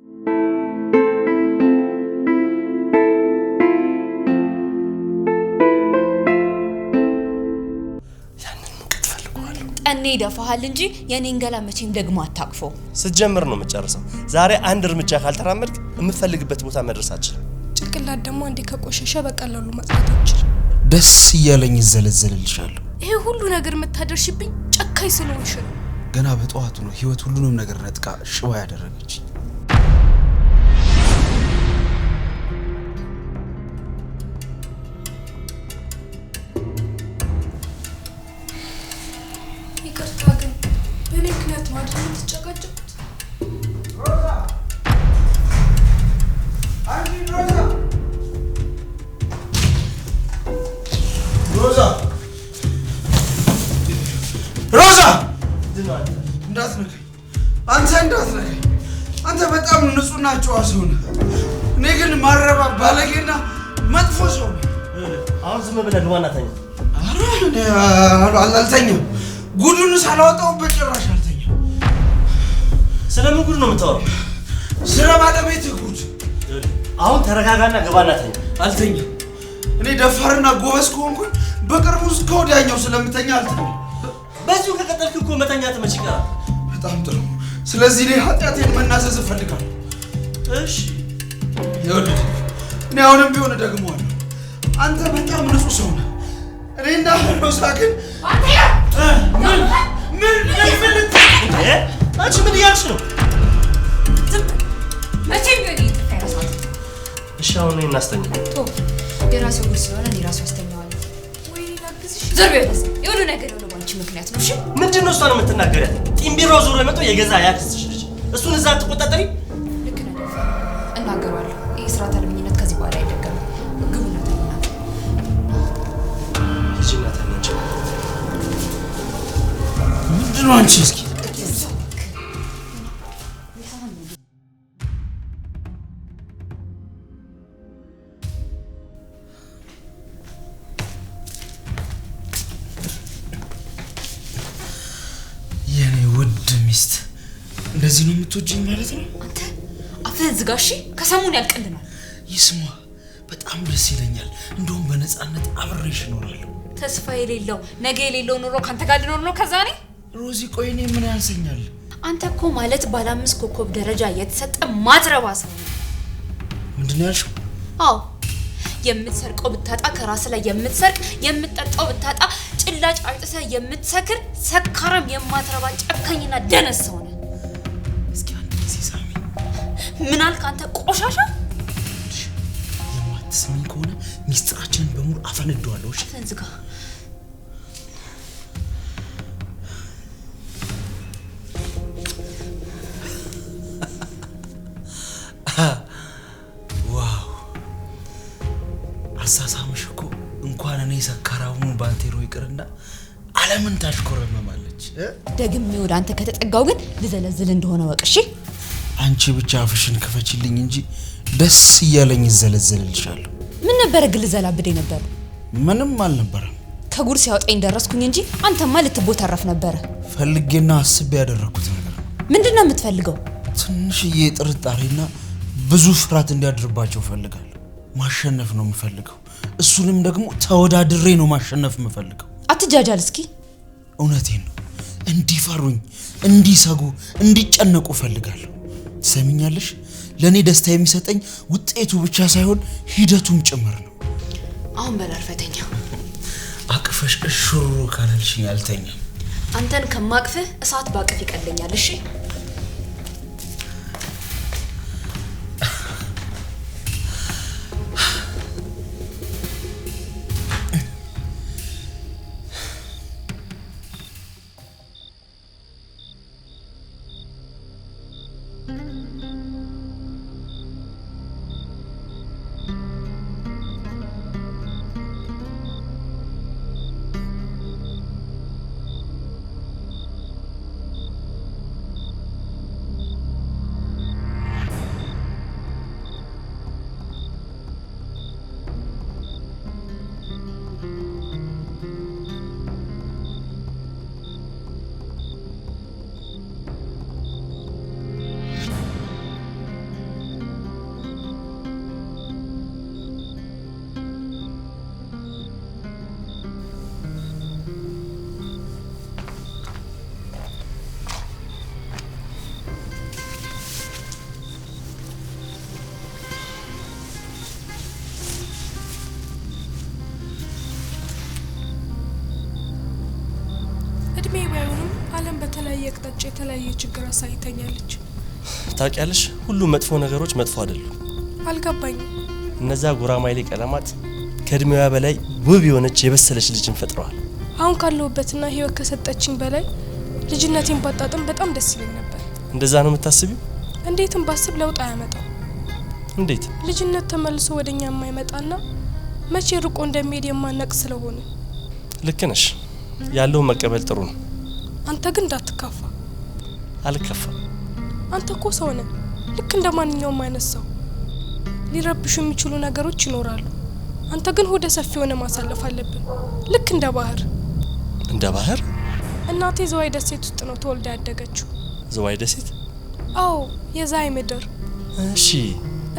እኔ ይደፋሃል እንጂ የኔን ገላ መቼም ደግሞ አታቅፎ። ስትጀምር ነው የምጨርሰው። ዛሬ አንድ እርምጃ ካልተራመድክ የምትፈልግበት ቦታ መድረስ አችልም። ጭንቅላት ደግሞ አንዴ ከቆሸሸ በቀላሉ መጽዳት አልችልም። ደስ እያለኝ ይዘለዘልልሻለሁ። ይሄ ሁሉ ነገር የምታደርሽብኝ ጨካኝ ስለሆንሽ ነው። ገና በጠዋቱ ነው ህይወት ሁሉንም ነገር ነጥቃ ሽባ ያደረገች። ጀግና ጨዋ ሰው ነህ። እኔ ግን ማረባ ባለጌና መጥፎ ሰው ነኝ። አሁን ዝም ብለህ ዋና ተኛ። አልተኛም፣ ጉዱን ሳላወጣሁበት ጭራሽ አልተኛም። ስለምን ጉድ ነው የምታወራው? ስለ ባለቤት ጉድ። አሁን ተረጋጋና ግባና ተኛ። አልተኛም። እኔ ደፋርና ጎበዝ ከሆንኩኝ በቅርቡ እስከ ወዲያኛው ስለምተኛ አልተኛም። በዚሁ ከቀጠልክ እኮ መተኛት መች በጣም ጥሩ። ስለዚህ እኔ ኃጢአቴን መናዘዝ እፈልጋለሁ። እሺ ይኸውልህ፣ እኔ አሁንም ቢሆን እደግመዋለሁ። አንተ በጣም ንጹሕ ሰው ነህ። እኔ እንዳሁን ግን አንቺ ምን እያልሽ ነው? እሺ አሁን እናስተኛ የራሴ ጉድ ስለሆነ እኔ ራሱ ያስተኛዋለሁ። ዞር የሆነ ነገር የሆነ ባንቺ ምክንያት ነው። ምንድን ነው እሷን የምትናገሪያት? ጢምቢሮ ዞሮ የመጣው የገዛ ያክስትሽ ልጅ እሱን እዛ ትቆጣጠሪ አንቺ ምንድን ነው አንቺ? እስኪ ውድ ሚስት እንደዚህ ነው የምትወጂኝ ማለት ነው? አንተ አፍህ ዝጋ እሺ። ከሰሞኑ ያልቀልናል። ይስማ በጣም ደስ ይለኛል። እንደውም በነፃነት አብሬሽ እኖራለሁ። ተስፋ የሌለው ነገ የሌለው ኑሮ ካንተ ጋር ልኖር ነው። ከዛ እኔ ሮዚ፣ ቆይ እኔ ምን ያንሰኛል? አንተ እኮ ማለት ባለ አምስት ኮከብ ደረጃ የተሰጠ ማትረባ ሰው ነው። ምንድን ነው ያልሽው? አዎ የምትሰርቀው ብታጣ ከራስ ላይ የምትሰርቅ የምትጠጣው ብታጣ ጭላጭ አጭሰ የምትሰክር ሰካራም የማትረባ ጨካኝና ደነስ ሰው ነህ። እስኪ አንድ ጊዜ ሳሚ። ምን አልክ አንተ ቆሻሻ? የማትስሚኝ ከሆነ ሚስጥራችንን በሙሉ አፈነደዋለሁ። እሺ ዋው! አሳሳምሽ እኮ እንኳን እኔ ሰካራሙን ባንቴሮ ይቅርና ዓለምን ታሽኮረመማለች። ደግሜ ወደ አንተ ከተጠጋው ግን ልዘለዝል እንደሆነ ወቅሽ። አንቺ ብቻ አፍሽን ክፈችልኝ እንጂ ደስ እያለኝ ይዘለዘልልሻለሁ። ነበረ ግል ዘላብድ ነበር? ምንም አልነበረም። ከጉር ሲያወጣኝ ደረስኩኝ እንጂ አንተማ ልትቦተረፍ ነበረ። ፈልጌና አስቤ ያደረግኩት ነገር ነው። ምንድን ነው የምትፈልገው? ትንሽዬ ጥርጣሬና ብዙ ፍርሃት እንዲያድርባቸው እፈልጋለሁ። ማሸነፍ ነው የምፈልገው። እሱንም ደግሞ ተወዳድሬ ነው ማሸነፍ የምፈልገው። አትጃጃል እስኪ። እውነቴን ነው። እንዲፈሩኝ፣ እንዲሰጉ፣ እንዲጨነቁ እፈልጋለሁ። ትሰሚኛለሽ? ለእኔ ደስታ የሚሰጠኝ ውጤቱ ብቻ ሳይሆን ሂደቱም ጭምር ነው። አሁን በላርፈተኛ አቅፈሽ እሹሩ ካላልሽኝ አልተኛም። አንተን ከማቅፍህ እሳት ባቅፍ ይቀለኛል። እሺ የተለያየ ችግር አሳይተኛለች። ታውቂያለሽ፣ ሁሉም መጥፎ ነገሮች መጥፎ አይደሉም። አልገባኝም። እነዛ ጉራማይሌ ቀለማት ከእድሜዋ በላይ ውብ የሆነች የበሰለች ልጅን ፈጥረዋል። አሁን ካለሁበትና ህይወት ከሰጠችኝ በላይ ልጅነቴን ባጣጥም በጣም ደስ ይለኝ ነበር። እንደዛ ነው የምታስቢው? እንዴትም ባስብ ለውጥ አያመጣም። እንዴት ልጅነት ተመልሶ ወደ እኛ የማይመጣና መቼ ርቆ እንደሚሄድ የማነቅ ስለሆነ ልክ ነሽ። ያለውን መቀበል ጥሩ ነው። አንተ ግን እንዳትካፋ። አልከፋም። አንተ እኮ ሰው ነህ፣ ልክ እንደ ማንኛውም አይነት ሰው። ሊረብሹ የሚችሉ ነገሮች ይኖራሉ። አንተ ግን ሆደ ሰፊ ሆነ ማሳለፍ አለብን፣ ልክ እንደ ባህር። እንደ ባህር? እናቴ ዝዋይ ደሴት ውስጥ ነው ተወልዳ ያደገችው። ዝዋይ ደሴት? አዎ፣ የዛይ ምድር። እሺ።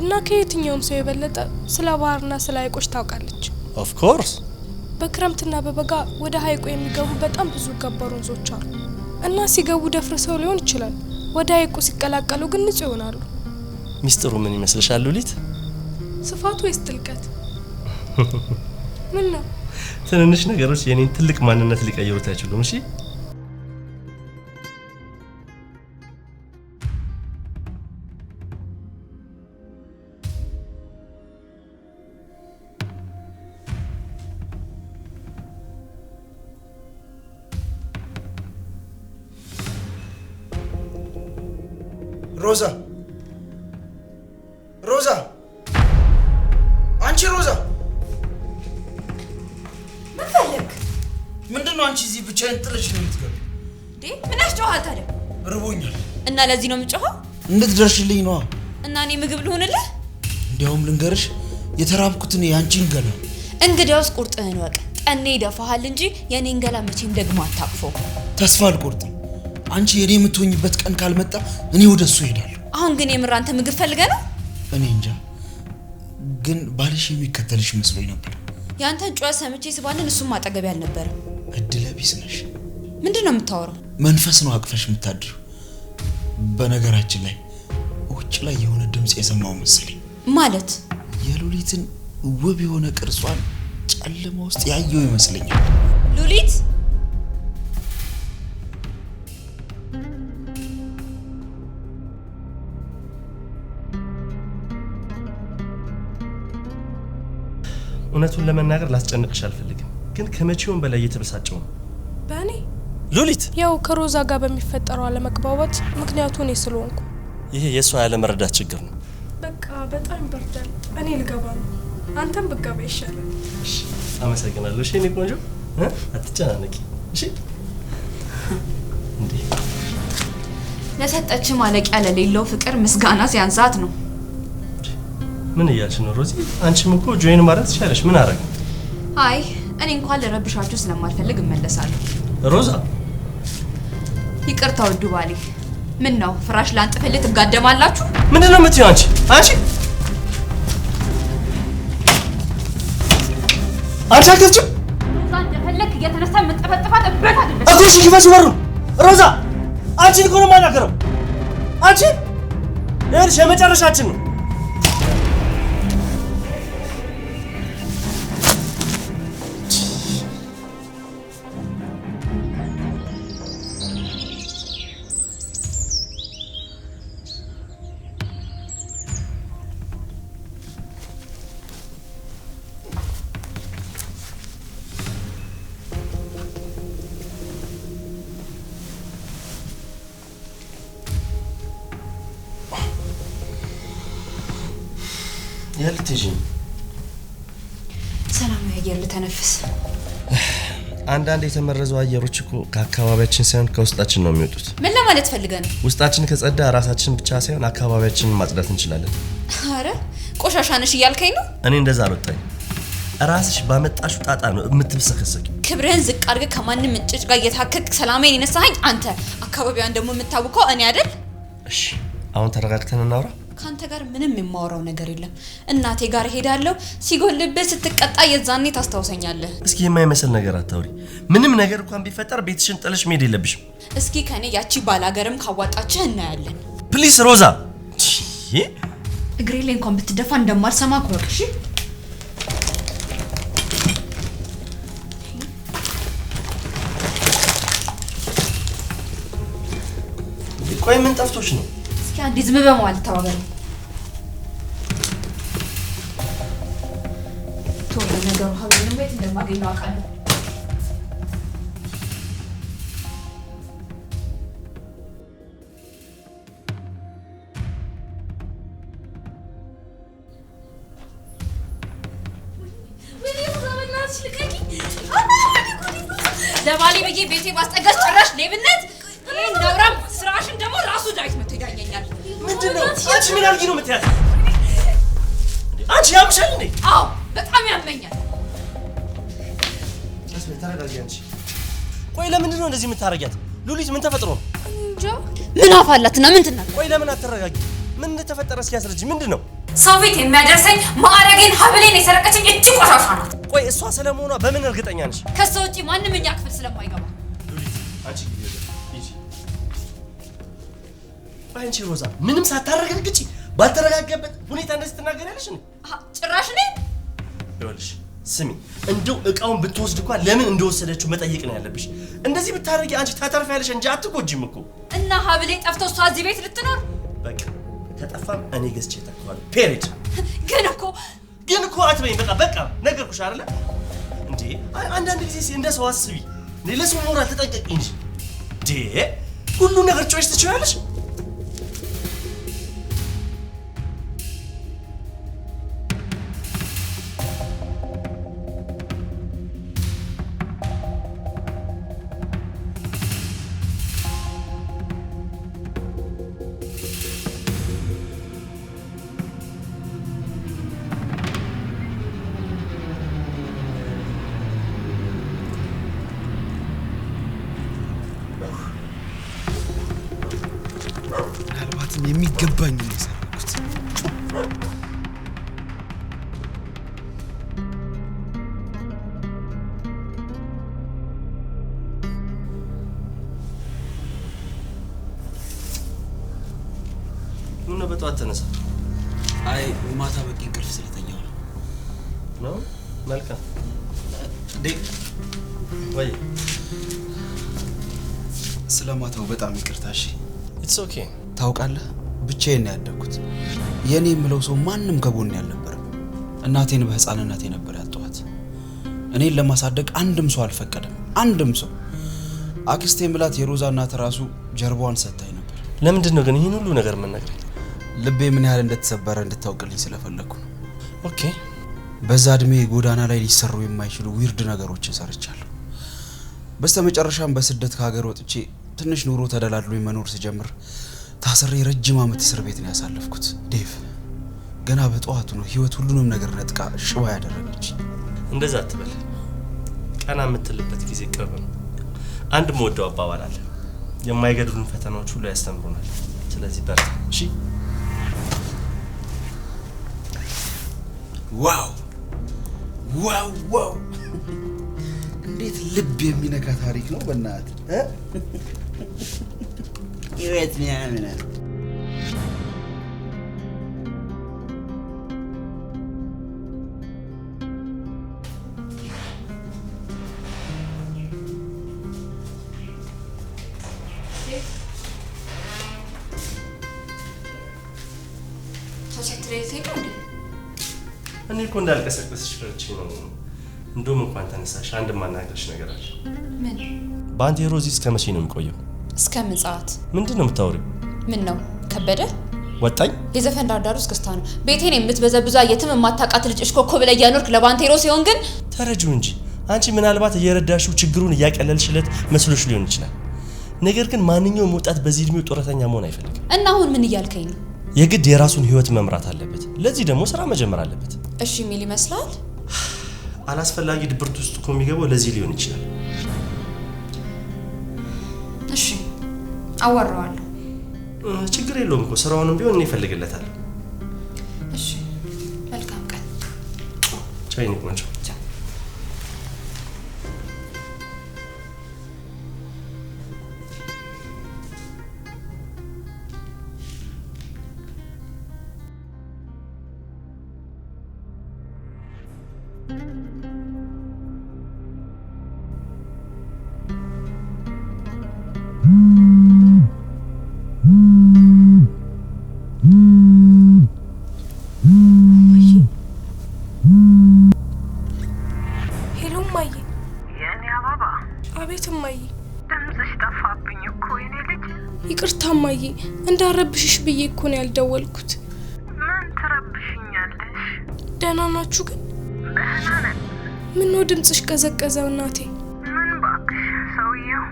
እና ከየትኛውም ሰው የበለጠ ስለ ባህርና ስለ ሀይቆች ታውቃለች። ኦፍኮርስ በክረምትና በበጋ ወደ ሀይቁ የሚገቡ በጣም ብዙ ገባር ወንዞች አሉ። እና ሲገቡ ደፍር ሰው ሊሆን ይችላል። ወደ ሀይቁ ሲቀላቀሉ ግን ንጹህ ይሆናሉ። ሚስጥሩ ምን ይመስልሻል ሉሊት? ስፋት ወይስ ጥልቀት? ምን ነው ትንንሽ ነገሮች የኔን ትልቅ ማንነት ሊቀይሩት አይችሉም። እሺ አንቺ እዚህ ብቻዬን ጥለሽ ነው የምትገቢ እንዴ ምን ያስጨዋል ታዲያ? ርቦኛል እና ለዚህ ነው የምጨዋው? እንድትደርሽልኝ ነዋ። እና እኔ ምግብ ልሆንልህ? እንዲያውም ልንገርሽ የተራብኩትን የአንቺን ገላ። እንግዲያውስ ቁርጥህን ወቅ። ቀኔ ይደፋሃል እንጂ የእኔን ገላ መቼም ደግሞ አታቅፎ። ተስፋ አልቆርጥም። አንቺ የእኔ የምትሆኝበት ቀን ካልመጣ እኔ ወደ እሱ እሄዳለሁ። አሁን ግን የምር አንተ ምግብ ፈልገ ነው? እኔ እንጃ፣ ግን ባልሽ የሚከተልሽ መስሎኝ ነበር። የአንተን ጩኸት ሰምቼ ስባልን እሱም አጠገቤ አልነበረም። እድለ ቢስ ነሽ። ምንድን ነው የምታወራው? መንፈስ ነው አቅፈሽ የምታድሩ። በነገራችን ላይ ውጭ ላይ የሆነ ድምፅ የሰማው መሰለኝ። ማለት የሉሊትን ውብ የሆነ ቅርጿን ጨለማ ውስጥ ያየው ይመስለኛል። ሉሊት እውነቱን ለመናገር ላስጨንቅሽ አልፈልግም። ግን ከመቼውም በላይ እየተበሳጨው ነው። በእኔ ሉሊት፣ ያው ከሮዛ ጋር በሚፈጠረው አለመግባባት ምክንያቱ እኔ ስለሆንኩ ይሄ የእሷ ያለመረዳት ችግር ነው። በቃ በጣም ይበርዳል። እኔ ልገባ ነው። አንተም ብገባ ይሻላል። አመሰግናለሁ። እሺ እኔ ቆንጆ አትጨናነቂ። እሺ እንዴ ለሰጠች ማለቂያ ለሌለው ፍቅር ምስጋና ሲያንሳት ነው። ምን እያልሽ ነው ሮዚ? አንቺም እኮ ጆይን ማለት ትችያለሽ። ምን አረግ? አይ እኔ እንኳን ልረብሻችሁ ስለማልፈልግ እመለሳለሁ። ሮዛ፣ ይቅርታ ውዱ ባሌ። ምን ነው ፍራሽ ላንጥፍልህ ትጋደማላችሁ? ምንድን ነው የምትይው አንቺ? አንቺ አንቺ አልተችም። ሮዛ፣ እንደፈለክ እየተነሳ የምንጠፈጥፋት እበት አይደለም። አትሽ ይፈሽ ወሩ ሮዛ፣ አንቺን እኮ ነው የማናገረው። አንቺ ይኸውልሽ የመጨረሻችን ነው ልትይዥኝ ሰላማዊ አየር ልተነፍስ። አንዳንድ የተመረዙ አየሮች እኮ ከአካባቢያችን ሳይሆን ከውስጣችን ነው የሚወጡት። ምን ለማለት ፈልገ ነው? ውስጣችን ከጸዳ ራሳችን ብቻ ሳይሆን አካባቢያችንን ማጽዳት እንችላለን። አረ ቆሻሻ ነሽ እያልከኝ ነው? እኔ እንደዛ አልወጣኝ። ራስሽ ባመጣሹ ጣጣ ነው የምትብሰከሰቂ። ክብርህን ዝቅ አድርገህ ከማንም እንጭጭ ጋር እየታከክ ሰላሜን የነሳኸኝ አንተ። አካባቢዋን ደግሞ የምታውቀው እኔ አይደል? እሺ አሁን ተረጋግተን እናውራ። ከአንተ ጋር ምንም የማወራው ነገር የለም። እናቴ ጋር ሄዳለሁ። ሲጎልብህ ስትቀጣ የዛኔ ታስታውሰኛለህ። እስኪ የማይመስል ነገር አታውሪ። ምንም ነገር እንኳን ቢፈጠር ቤትሽን ጥለሽ መሄድ የለብሽም። እስኪ ከኔ ያቺ ባላገርም ካዋጣችህ እናያለን። ፕሊስ ሮዛ፣ እግሬ ላይ እንኳን ብትደፋ እንደማልሰማ ኩረክ። ቆይ ምን ጠፍቶች ነው? እስኪ አንዴ ዝም በመዋል ተባበሩ። ቶሎ ነገሩ ሀብሉን ቤት እንደማገኘው አውቃለሁ። ነው የምትያዝ? አንቺ ያምሻል እንዴ? አዎ በጣም ያመኛል። ተረጋጊ አንቺ። ቆይ ለምንድን ነው እንደዚህ የምታረጊያት? ሉሊት ምን ተፈጥሮ ነው? እንጃ ምን አፍ አላትና ምንድን ነው? ቆይ ለምን አትረጋጊ? ምን እንደተፈጠረ እስኪያስረጅ ምንድን ነው? ሰው ቤት የሚያደርሰኝ ማዕረጌን፣ ሀብሌን የሰረቀችኝ እጅ ቆሻሻ ናት። ቆይ እሷ ስለመሆኗ በምን እርግጠኛ ነሽ? ከሷ ውጪ ማንም እኛ ክፍል ስለማይገባ ሉሊት አንቺ አንቺ ሮዛ ምንም ሳታረጋግጪ ባልተረጋጋበት ሁኔታ እንደዚህ ትናገሪያለሽ? ጭራሽ እኔ ይኸውልሽ፣ ስሚ እንደው እቃውን ብትወስድ እንኳን ለምን እንደወሰደችው መጠየቅ ነው ያለብሽ። እንደዚህ ብታደርጊ አንቺ ታተርፊያለሽ እንጂ አትጎጂም እኮ። እና ሀብሌ ጠፍቶ እሷ እዚህ ቤት ልትኖር በቃ ከጠፋም እኔ ገዝቼ ፔሬድ ግን እኮ ግን እኮ በቃ በቃ ነገርኩሽ አይደለ እንዴ? አንዳንድ ጊዜ እንደ ሰው አስቢ፣ ለሰው ሞራል ተጠንቀቂ እንጂ ሁሉ ነገር ጮች ምን በጠዋት ተነሳ? አይ ማታ በቂ እንቅልፍ ስለተኛው ነው። ነው መልካም። ወይ ስለማታው በጣም ይቅርታ። እሺ ኢትስ ኦኬ። ታውቃለህ ብቻዬን ነው ያደኩት። የእኔ የምለው ሰው ማንም ከጎን ያልነበረ እናቴን በህፃንነቴ ነበር ያጠዋት። እኔን ለማሳደግ አንድም ሰው አልፈቀደም፣ አንድም ሰው። አክስቴ ምላት የሮዛ እናት ራሱ ጀርባዋን ሰታኝ ነበር። ለምንድን ነው ግን ይህን ሁሉ ነገር የምነግረኝ? ልቤ ምን ያህል እንደተሰበረ እንድታውቅልኝ ስለፈለግኩ ነው። ኦኬ። በዛ እድሜ ጎዳና ላይ ሊሰሩ የማይችሉ ዊርድ ነገሮችን ሰርቻለሁ። በስተ መጨረሻም በስደት ከሀገር ወጥቼ ትንሽ ኑሮ ተደላድሎ መኖር ስጀምር ታስሬ ረጅም ዓመት እስር ቤት ነው ያሳለፍኩት። ዴቭ ገና በጠዋቱ ነው ህይወት ሁሉንም ነገር ነጥቃ ሽባ ያደረገች። እንደዛ አትበል። ቀና የምትልበት ጊዜ ቅርብ ነው። አንድ መወደው አባባል አለ፣ የማይገድሉን ፈተናዎች ሁሉ ያስተምሩናል። ስለዚህ በርታ እሺ። ዋው ዋው ዋው! እንዴት ልብ የሚነካ ታሪክ ነው በእናትህ Evet mi yani? እኔ እኮ እንዳልቀሰቀስሽ ፈርቼ ነው። እንደውም እንኳን ተነሳሽ፣ አንድ ማናገርሽ ነገር አለ። ምን ባንቴ ሮዚ እስከ መቼ ነው የሚቆየው? እስከ ምን ሰዓት? ምንድን ነው የምታወሪው? ምን ነው ከበደ ወጣኝ? የዘፈን ውስጥ እስክስታ ነው። ቤቴን የምትበዘብዛ የትም የማታውቃት ልጅ እሽኮኮ ብለህ እያኖርክ ለባንቴሮ ሲሆን ግን ተረጁ እንጂ አንቺ ምናልባት እየረዳሽው ችግሩን እያቀለልሽለት መስሎሽ ሊሆን ይችላል። ነገር ግን ማንኛውም ወጣት በዚህ እድሜው ጡረተኛ መሆን አይፈልግም። እና አሁን ምን እያልከኝ ነው? የግድ የራሱን ህይወት መምራት አለበት። ለዚህ ደግሞ ስራ መጀመር አለበት። እሺ የሚል ይመስላል። አላስፈላጊ ድብርት ውስጥ እኮ የሚገባው ለዚህ ሊሆን ይችላል። አዋራዋለሁ። ችግር የለውም እኮ ስራውንም ቢሆን እኔ እፈልግለታለሁ። እሺ፣ መልካም ቀን። ቻይኒ ቆንጆ አቤት እማዬ፣ ድምፅሽ ጠፋብኝ እኮ የኔ ልጅ። ይቅርታ እማዬ፣ እንዳረብሽሽ ብዬ እኮ ነው ያልደወልኩት። ምን ትረብሽኛለሽ? ደህና ናችሁ ግን? ደህና ነን። ነው ድምፅሽ ቀዘቀዘ እናቴ? ምን እባክሽ፣ ሰውየው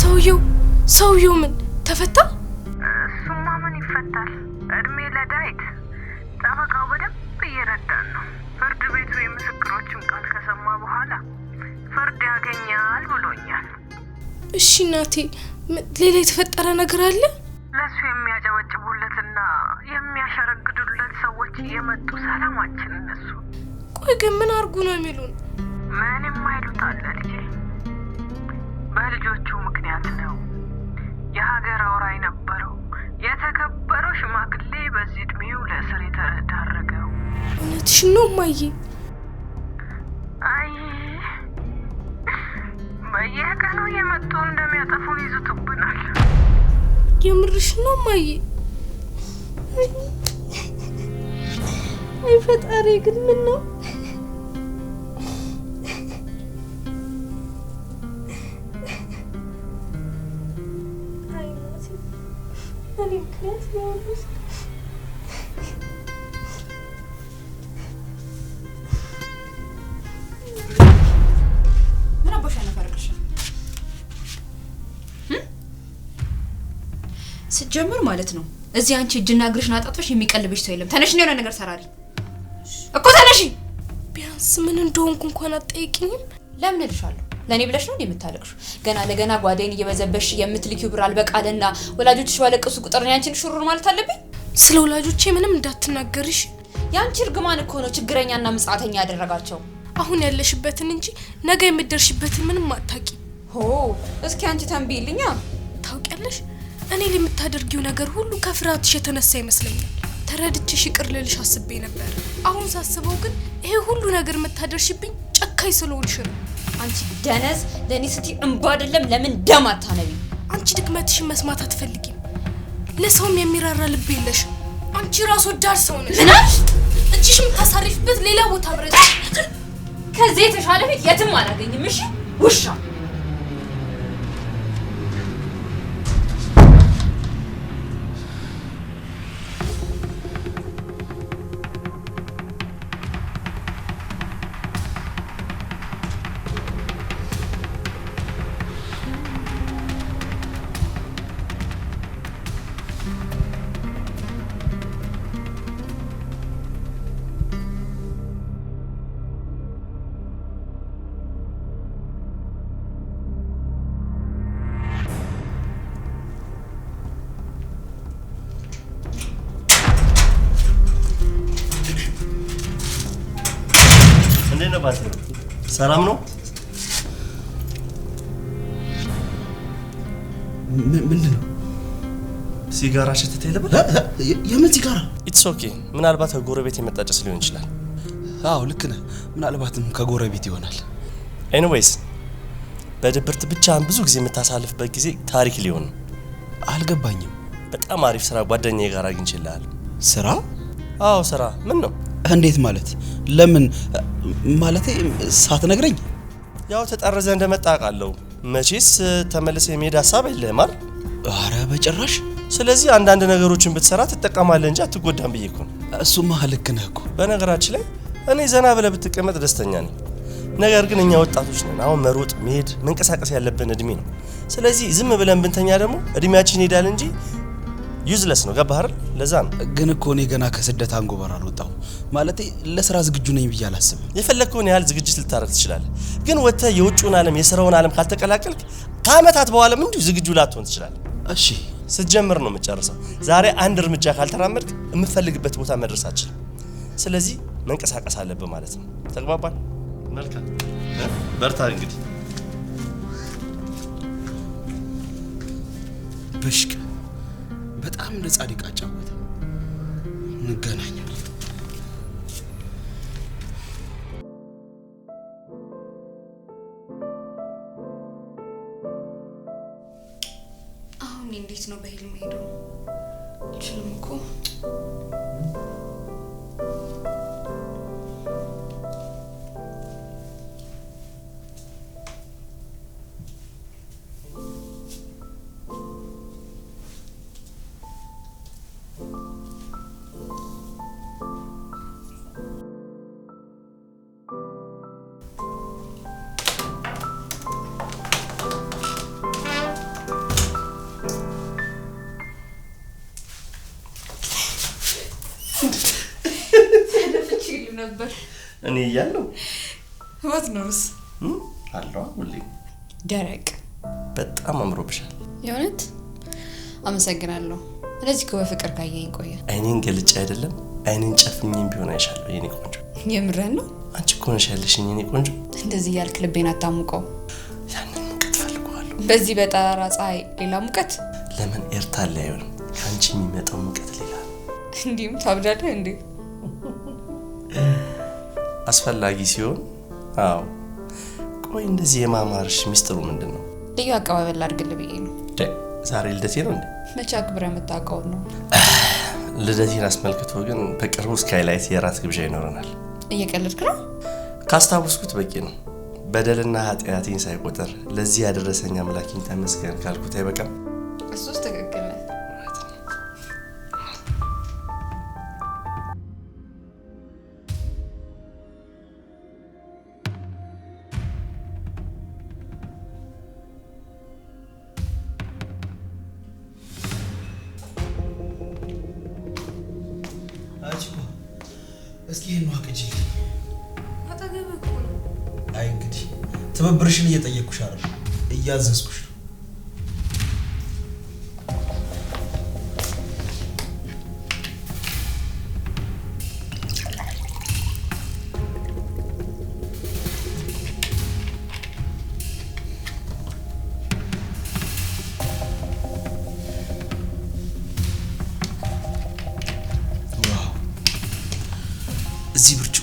ሰውየው ሰውየው ምን ተፈታ? እሱማ ምን ይፈታል? እድሜ ለዳይት ጠበቃው በደንብ እየረዳን ነው። ፍርድ ቤቱ የምስክሮችን ቃል ከሰማ በኋላ እሺ እናቴ፣ ሌላ የተፈጠረ ነገር አለ? ለእሱ የሚያጨበጭቡለትና የሚያሸረግዱለት ሰዎች የመጡ ሰላማችን እነሱ። ቆይ ግን ምን አርጉ ነው የሚሉን? የማይሉት አለ ልጄ። በልጆቹ ምክንያት ነው የሀገር አውራ የነበረው የተከበረው ሽማግሌ በዚህ እድሜው ለእስር የተዳረገው። እውነትሽ ነው እማዬ። ጠፉን ይዙትብናል። የምርሽ ነው ማየ? አይ ፈጣሪ ግን ምን ነው ምክንያት ስትጀምር ማለት ነው። እዚህ አንቺ እጅና እግርሽን አጣጥፈሽ የሚቀልብሽ ሰው የለም። ተነሽ፣ የሆነ ነገር ሰራሪ እኮ ተነሽ። ቢያንስ ምን እንደሆንኩ እንኳን አትጠይቅኝም። ለምን እልሻለሁ? ለእኔ ብለሽ ነው የምታለቅሹ? ገና ለገና ጓዴን እየበዘበሽ የምትልኪው ብር አልበቃልና ወላጆችሽ ባለቀሱ ቁጥር ያንቺን ሹሩር ማለት አለብኝ። ስለ ወላጆቼ ምንም እንዳትናገርሽ። ያንቺ እርግማን እኮ ነው ችግረኛና ምጻተኛ ያደረጋቸው። አሁን ያለሽበትን እንጂ ነገ የምትደርሽበትን ምንም አታውቂ። ሆ እስኪ አንቺ ተንብይልኛ ታውቂያለሽ እኔ ለምታደርጊው ነገር ሁሉ ከፍርሃትሽ የተነሳ ይመስለኛል። ተረድቼሽ ይቅር ልልሽ አስቤ ነበር። አሁን ሳስበው ግን ይሄ ሁሉ ነገር የምታደርሽብኝ ጨካኝ ስለሆንሽ ነው። አንቺ ደነዝ፣ ለእኔ ስቲ እንባ አይደለም ለምን ደም አታነቢ? አንቺ ድክመትሽን መስማት አትፈልጊም። ለሰውም የሚራራ ልብ የለሽ። አንቺ ራስ ወዳድ ሰው ነሽ። ምናሽ እጅሽ የምታሳርፊበት ሌላ ቦታ ምረጭ። ከዚህ የተሻለ ፊት የትም አላገኝም። እሺ ውሻ እንዴት ነው ባሴ? ሰላም ነው? ምንድን ነው ሲጋራ ሸተተ? የለበት። የምን ሲጋራ? ኢትስ ኦኬ። ምናልባት ከጎረቤት የመጣ ጭስ ሊሆን ይችላል። አዎ ልክ ነህ። ምናልባትም ከጎረቤት ይሆናል። ኤኒዌይስ በድብርት ብቻህን ብዙ ጊዜ የምታሳልፍበት ጊዜ ታሪክ ሊሆን አልገባኝም። በጣም አሪፍ ስራ ጓደኛዬ ጋር አግኝቼልሃል። ስራ? አዎ ስራ። ምን ነው እንዴት ማለት? ለምን ማለቴ ሳትነግረኝ? ያው ተጠረዘ እንደመጣ አውቃለሁ። መቼስ ተመልሰ የመሄድ ሀሳብ የለህም አይደል? አረ በጭራሽ። ስለዚህ አንዳንድ ነገሮችን ብትሰራ ትጠቀማለህ እንጂ አትጎዳም ብዬ እኮ ነው። እሱማ ልክ ነህ እኮ። በነገራችን ላይ እኔ ዘና ብለህ ብትቀመጥ ደስተኛ ነኝ። ነገር ግን እኛ ወጣቶች ነን። አሁን መሮጥ፣ መሄድ፣ መንቀሳቀስ ያለብን እድሜ ነው። ስለዚህ ዝም ብለን ብንተኛ ደግሞ እድሜያችን ይሄዳል እንጂ ዩዝለስ ነው። ገባህ ለዛ ነው። ግን እኮ እኔ ገና ከስደት አንጎበር አልወጣሁ ማለት ለስራ ዝግጁ ነኝ ብዬ አላስብም። የፈለግከውን ያህል ዝግጅት ልታደርግ ትችላለህ። ግን ወጥተህ የውጭውን ዓለም የስራውን ዓለም ካልተቀላቀልክ ከአመታት በኋላም እንዲሁ ዝግጁ ላትሆን ትችላለህ። እሺ ስትጀምር ነው የምትጨርሰው። ዛሬ አንድ እርምጃ ካልተራመድክ የምትፈልግበት ቦታ መድረስ አችልም። ስለዚህ መንቀሳቀስ አለብህ ማለት ነው። ተግባባል? መልካም በርታ እንግዲህ በሽቅ በጣም እንደ ጻድቅ አጫወተ። እንገናኝ። አሁን እንዴት ነው በህልም ሄዶ? ችልም እኮ እኔ እያለሁ ህይወት ነውስ አለዋ ሁሌ ደረቅ በጣም አምሮብሻል። የእውነት አመሰግናለሁ። እንደዚህ እኮ በፍቅር ካየኝ ቆየ። አይኔን ገልጬ አይደለም አይኔን ጨፍኝም ቢሆን አይሻለሁ የኔ ቆንጆ። የምረን ነው። አንቺ እኮ ነሽ ያለሽኝ የኔ ቆንጆ። እንደዚህ እያልክ ልቤን አታሙቀው። ያንን ሙቀት ፈልገዋለሁ። በዚህ በጠራራ ፀሐይ ሌላ ሙቀት ለምን ኤርታሌ አይሆንም? ከአንቺ የሚመጣው ሙቀት ሌላ። እንዲሁም ታብዳለህ እንዴ? አስፈላጊ ሲሆን አዎ። ቆይ እንደዚህ የማማርሽ ሚስጥሩ ምንድን ነው? ልዩ አቀባበል አድርግልብ ብዬ ነው። ዛሬ ልደቴ ነው እንዴ? መቼ አክብረህ የምታውቀው ነው። ልደቴን አስመልክቶ ግን በቅርቡ ስካይላይት የራት ግብዣ ይኖረናል። እየቀለድክ ነው። ካስታወስኩት በቂ ነው። በደልና ኃጢአቴን ሳይቆጠር ለዚህ ያደረሰኝ አምላኬን ተመስገን ካልኩት አይበቃም? እሱ ውስጥ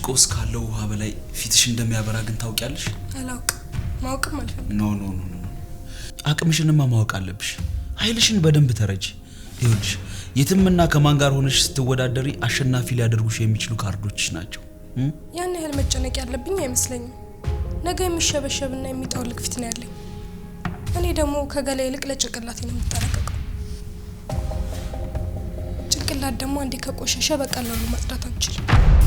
ብርጭቆ ውስጥ ካለው ውሃ በላይ ፊትሽ እንደሚያበራ ግን ታውቂያለሽ? አላውቅም። ማወቅም አልፈልግም። ኖ ኖ ኖ ኖ፣ አቅምሽንማ ማወቅ አለብሽ። ኃይልሽን በደንብ ተረጂ። ይኸውልሽ የትምና ከማን ጋር ሆነሽ ስትወዳደሪ አሸናፊ ሊያደርጉሽ የሚችሉ ካርዶችሽ ናቸው። ያን ያህል መጨነቅ ያለብኝ አይመስለኝም። ነገ የሚሸበሸብና የሚጠወልቅ ፊት ነው ያለኝ። እኔ ደግሞ ከገላ ይልቅ ለጭንቅላቴ ነው የምጠነቀቀው። ጭንቅላት ደግሞ አንዴ ከቆሸሸ በቀላሉ ማጽዳት አንችልም።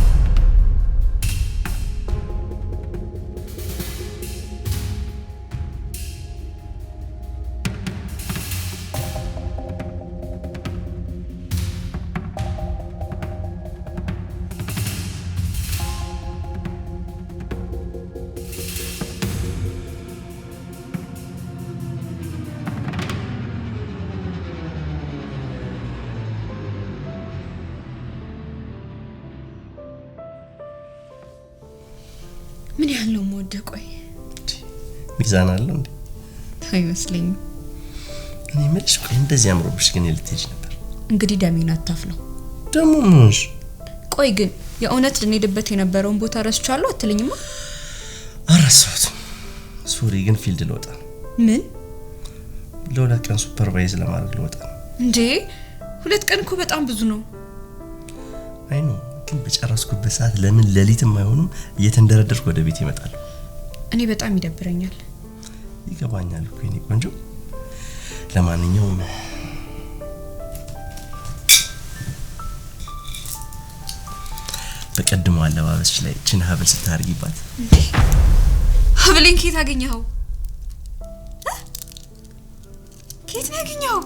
ምን ያለው መወደ ቆይ ሚዛን አለው እንዴ? አይመስለኝም። እኔ የምልሽ ቆይ እንደዚህ አምሮብሽ ግን ልትሄጂ ነበር? እንግዲህ ደሜን ነው ደግሞ ምንሽ። ቆይ ግን የእውነት ልንሄድበት የነበረውን ቦታ ረስቻለሁ አትልኝማ? አረሳሁትም። ሶሪ ግን ፊልድ ልወጣ ምን ለሁለት ቀን ሱፐርቫይዝ ለማድረግ ልወጣ እንዴ ሁለት ቀን እኮ በጣም ብዙ ነው። አይ ነው ግን በጨረስኩበት ሰዓት ለምን ሌሊትም አይሆንም እየተንደረደርኩ ወደ ቤት ይመጣል። እኔ በጣም ይደብረኛል። ይገባኛል እኮ የኔ ቆንጆ። ለማንኛውም በቀድሞ አለባበስች ላይ ችን ሀብል ስታደርጊባት ሀብሌን ኬት አገኘኸው? ኬት ነው ያገኘኸው?